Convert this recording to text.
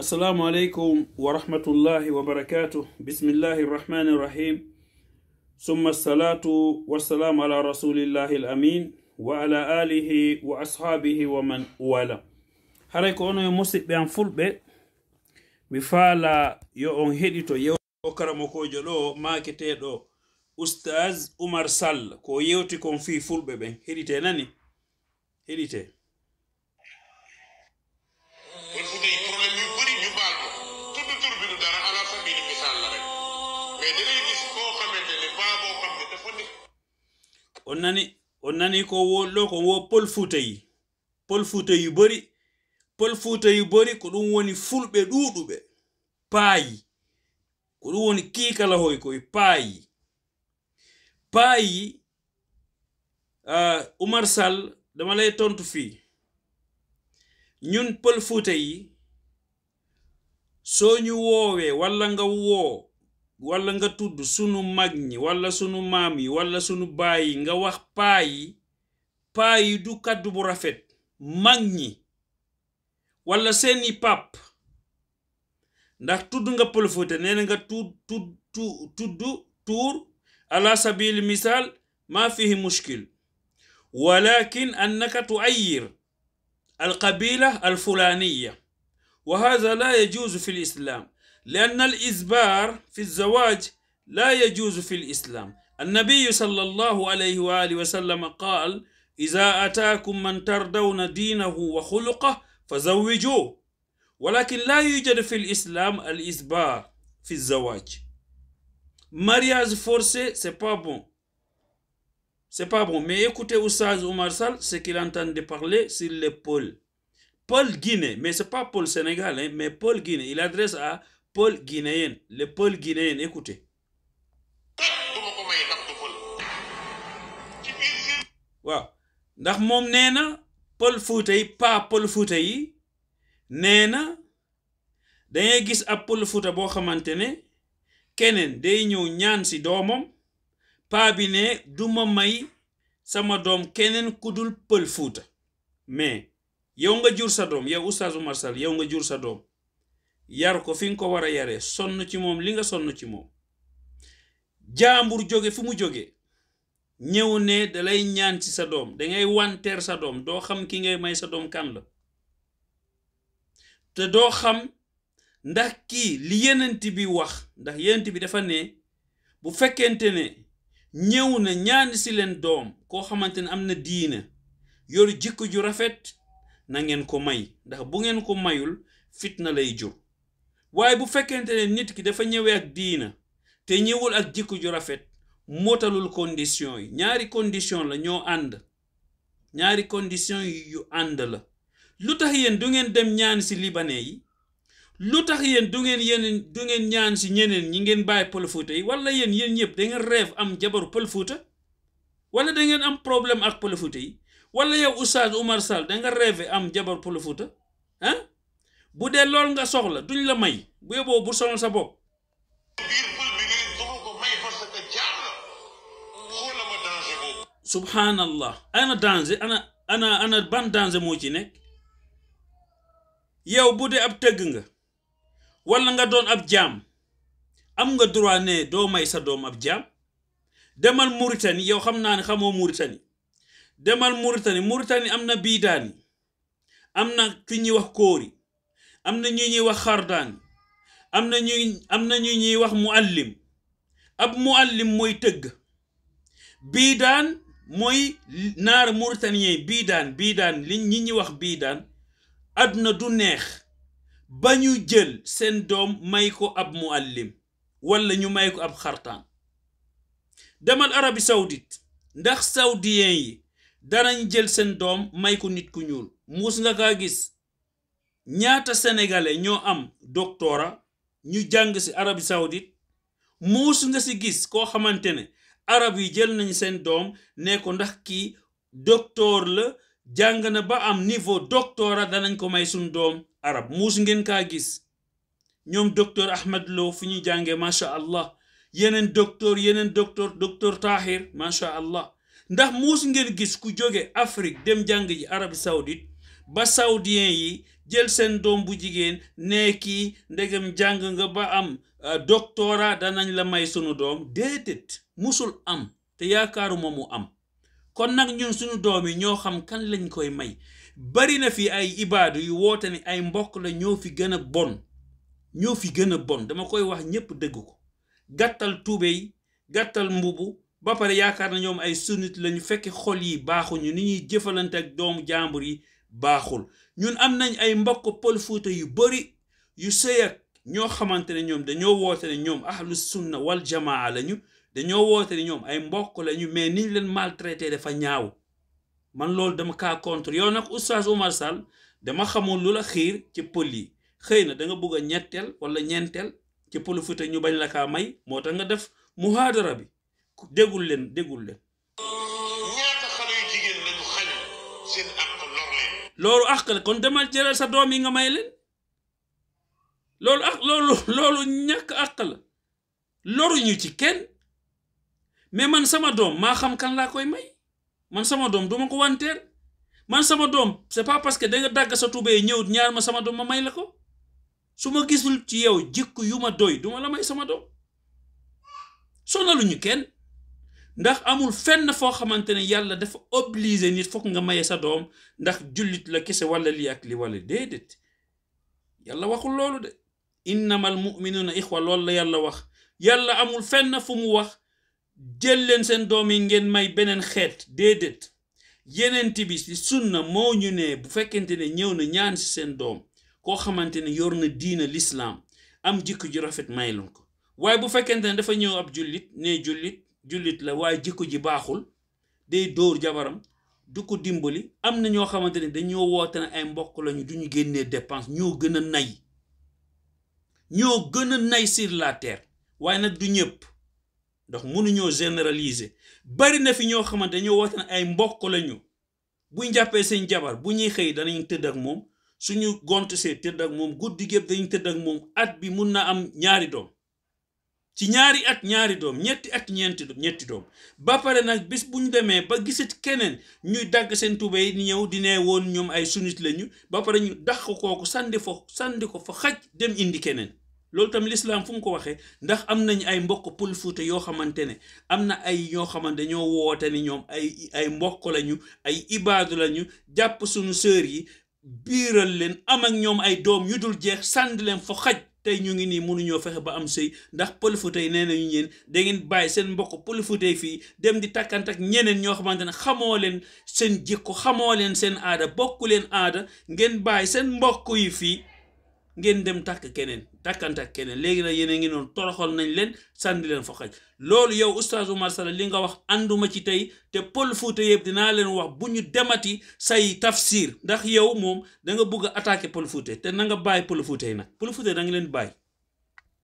السلام عليكم ورحمة الله وبركاته بسم الله الرحمن الرحيم ثم الصلاة والسلام على رسول الله الأمين وعلى آله وأصحابه ومن ko ono e musidɓe an fulɓe mi faala yo on heɗito yewo karamokojo ɗo maketeɗo oustage oumar sall ko yewti kon fi fulɓe ɓen on nani on nani ko wolɗo ko wo pol futayi pol futayi bori pol futayi bori ko ɗum woni fulɓe ɗuɗuɓe paayi ko ɗum woni kiikalahoy koye paayi paayi uh, eh, oumar sall dama lay tontu fii ñun pol futayi soo ñu woowee walla nga woo wala nga tudd sunu mag ñi wala sunu maam yi wala sunu baay nga wax paa yi du kàddu bu rafet mag ñi wala seeni pap ndax tudd nga Pël Fuuta nga tudd tudd tudd tuur ala sabili misaal maa fihi mushkil walakin annaka tuayir alqabila alfulaniya wa hada la yajuuzu fi lislaam لأن الإزبار في الزواج لا يجوز في الإسلام النبي صلى الله عليه وآله وسلم قال إذا أتاكم من ترضون دينه وخلقه فزوجوه ولكن لا يوجد في الإسلام الإسبار في الزواج mariage forcé c'est pas bon c'est pas bon mais écoutez Oussaz Oumar Sall ce qu'il entendait parler sur les pôles Paul Guinée mais c'est pas Paul Sénégal hein, mais Paul Guinée il adresse à Peul guinéen les Peul guinéen écoutez. waaw ndax moom nee na pël fuuta yi pas pël fuuta yi nee na dangay gis ab pël fuuta boo xamante ne keneen day ñëw ñaan si doomam paa bi ne duma may sama doom keneen ku dul pël fuuta mais yow nga jur sa doom yow Oustaz Oumar yow nga jur sa doom yar ko fi nga ko war a yare sonn ci moom li nga sonn ci moom jaambur jóge fi mu jóge ñëw ne dalay ñaan ci sa doom dangay wanteer sa doom doo xam ki ngay may sa doom kan la te doo xam ndax kii li yenent bi wax ndax yenent bi dafa ne bu fekkente ne ñëw na ñaan si leen doom koo xamante ne am na diina yor jikko ju rafet na ngeen ko may ndax bu ngeen ko mayul fitna lay jur waaye bu fekkente ne nit ki dafa ñëwee ak diina te ñëwul ak jikko ju rafet mootalul condition yi ñaari condition la ñoo ànd ñaari condition yu ànd la lu tax yéen du ngeen dem ñaan si libanais yi lu tax yéen du ngeen yeneen du ngeen ñaan si ñeneen ñi ngeen bàyyi pël Fuuta yi wala yéen yéen ñëpp da ngeen rêve am jabaru pël Fuuta wala da ngeen am problème ak pël yi wala yow Oustaz Oumar Sall da nga rêve am jabaru pël bu dee loolu nga soxla duñ la may bu yóbboo bu sonal sa bopp. subhanallah ana danger ana ana ban danger moo ci nekk yow bu dee ab tëgg nga walla nga doon ab jaam am nga droit ne doo may sa doom ab jaam demal Mauritanie yow xam naa ne xamoo Mauritanie demal Mauritanie Mauritanie am na biidaani am na ki ñuy wax kóori am na ñu ñuy wax xardaan am na ñuy am na ñu ñuy wax muallim ab muallim mooy tëgg bii daan mooy naar mauritanien bii daan bii daan li ñi ñuy wax bii daan àdduna du neex ba ñu jël seen doom may ko ab muallim walla ñu may ko ab xartaan demal arabi sawdit ndax saoudien yi danañ jël seen doom may ko nit ku ñuul muus nga kaa gis ñaata sénégalais ñoo am doctorat ñu jàng si Arabie Saoudite muusu nga si gis koo xamante ne arab yi jël nañ seen doom ne ko ndax kii docteur la jàng na ba am niveau doctorat danañ ko may suñ doom arab muusu ngeen kaa gis ñoom docteur Ahmed Lo fu ñuy jàngee macha allah yeneen docteur yeneen docteur docteur Tahir macha allah ndax muusu ngeen gis ku jóge Afrique dem jàng ji Arabie Saoudite ba saoudien yi jël seen doom bu jigéen nee kii ndegem jàng nga ba am euh, doctorat danañ la may sunu doom déedéet mosul am te yaakaaruma mu am kon nag ñun suñu doom yi ñoo xam kan lañ koy may bari na fi ay ibaadu yu woote ni ay mbokk la ñoo fi gën a bon ñoo fi gën a bon dama koy wax ñépp dégg ko gàttal tubéy gàttal mbubu ba pare yaakaar na ñoom ay sunnit lañu fekk xol yi baaxuñu ni ñuy jëfalante ak doomu jàmbur yi baaxul ñun am nañ ay mbokk pël Fuuta yu bëri yu sëy ak ñoo xamante ne ñoom dañoo woote ñoom ahlu sunna wal jamaa lañu dañoo woote ñoom ay mbokk lañu mais niñ leen maltraité dafa ñaaw man loolu dama kaa contre yow nag oustaz Oumar Sall dama xamul lu la xiir ci pël yi xëy na da nga bëgg ñetteel wala ñeenteel ci pël Fuuta ñu bañ la kaa may moo tax nga def muhaadara bi déggul leen déggul leen loolu àq la kon demal jëlal sa doom yi nga may leen loolu àq loolu loolu ñàkk àq la loruñu ci kenn mais man sama doom maa xam kan laa koy may man sama doom duma ko wanteer man sama doom c'est pas parce que da dàgg sa tubéy ñëw ñaar ma sama doom ma may la ko su ma gisul ci yow jikko yu ma doy duma la may sama doom sonaluñu kenn ndax amul fenn foo xamante ne yàlla dafa obligé nit foog nga maye sa doom ndax jullit la kese wala lii ak li wala déedéet yàlla waxul loolu de innamal na ixwa lool la yàlla wax yàlla amul fenn fu mu wax jël leen seen doom yi ngeen may beneen xeet déedéet yeneen bi si sunna moo ñu ne bu fekkente ne ñëw na ñaan si seen doom koo xamante ne yor na diina lislaam am jikko ju rafet may leen ko waaye bu fekkente ne dafa ñëw ab jullit ne jullit jullit la waaye jikko ji baaxul day dóor jabaram du ko dimbali am na ñoo xamante ne dañoo woote na ay mbokk lañu du ñu génnee dépense ñoo gën a nay ñoo gën a nay sur la terre waaye nag du ñëpp ndox mënuñoo généraliser bari na fi ñoo xamante dañoo woote ne ay mbokk lañu buñ jàppee seen jabar bu ñuy xëy danañ tëdd ak moom suñu gont see tëdd ak moom guddi gépp dañu tëdd ak moom at bi mun na am ñaari doom ci ñaari at ñaari doom ñetti at ñeenti ñetti doom ba pare nag bis bu ñu demee ba gisit keneen ñuy dagg seen tubéy di ñëw di woon ñoom ay sunnit lañu ba pare ñu dàq kooku sànni fa sànni ko fa xaj dem indi keneen loolu tamit lislaam fu mu ko waxee ndax am nañu ay mbokk Pël Fuuta yoo xamante ne am na ay yoo xamante ñoo woote ni ñoom ay ay mbokk lañu ay ibaadu lañu jàpp suñu sœur yi biiral leen am ak ñoom ay doom yu dul jeex sànni leen fa xaj tey ñu ngi nii mënuñoo fexe ba am sëy ndax pël Fuuta yi nee nañu ñeen da ngeen bàyyi seen mbokk pël Fuuta yi fii dem di takkante ak ñeneen ñoo xamante ne xamoo leen seen jikko xamoo leen seen aada bokk leen aada ngeen bàyyi seen mbokk yi fii ngeen dem takk keneen takkante ak keneen léegi nag yéen a ngi noonu toroxal nañ leen sànni leen fa xaj loolu yow oustaz sa Sall li nga wax ànduma ci tey te pël Fuuta yëpp dinaa leen wax bu ñu demati say tafsir ndax yow moom da nga bugg a attaqué pël Fuuta te na nga bàyyi pël Fuuta yi nag pël Fuuta da nga leen bàyyi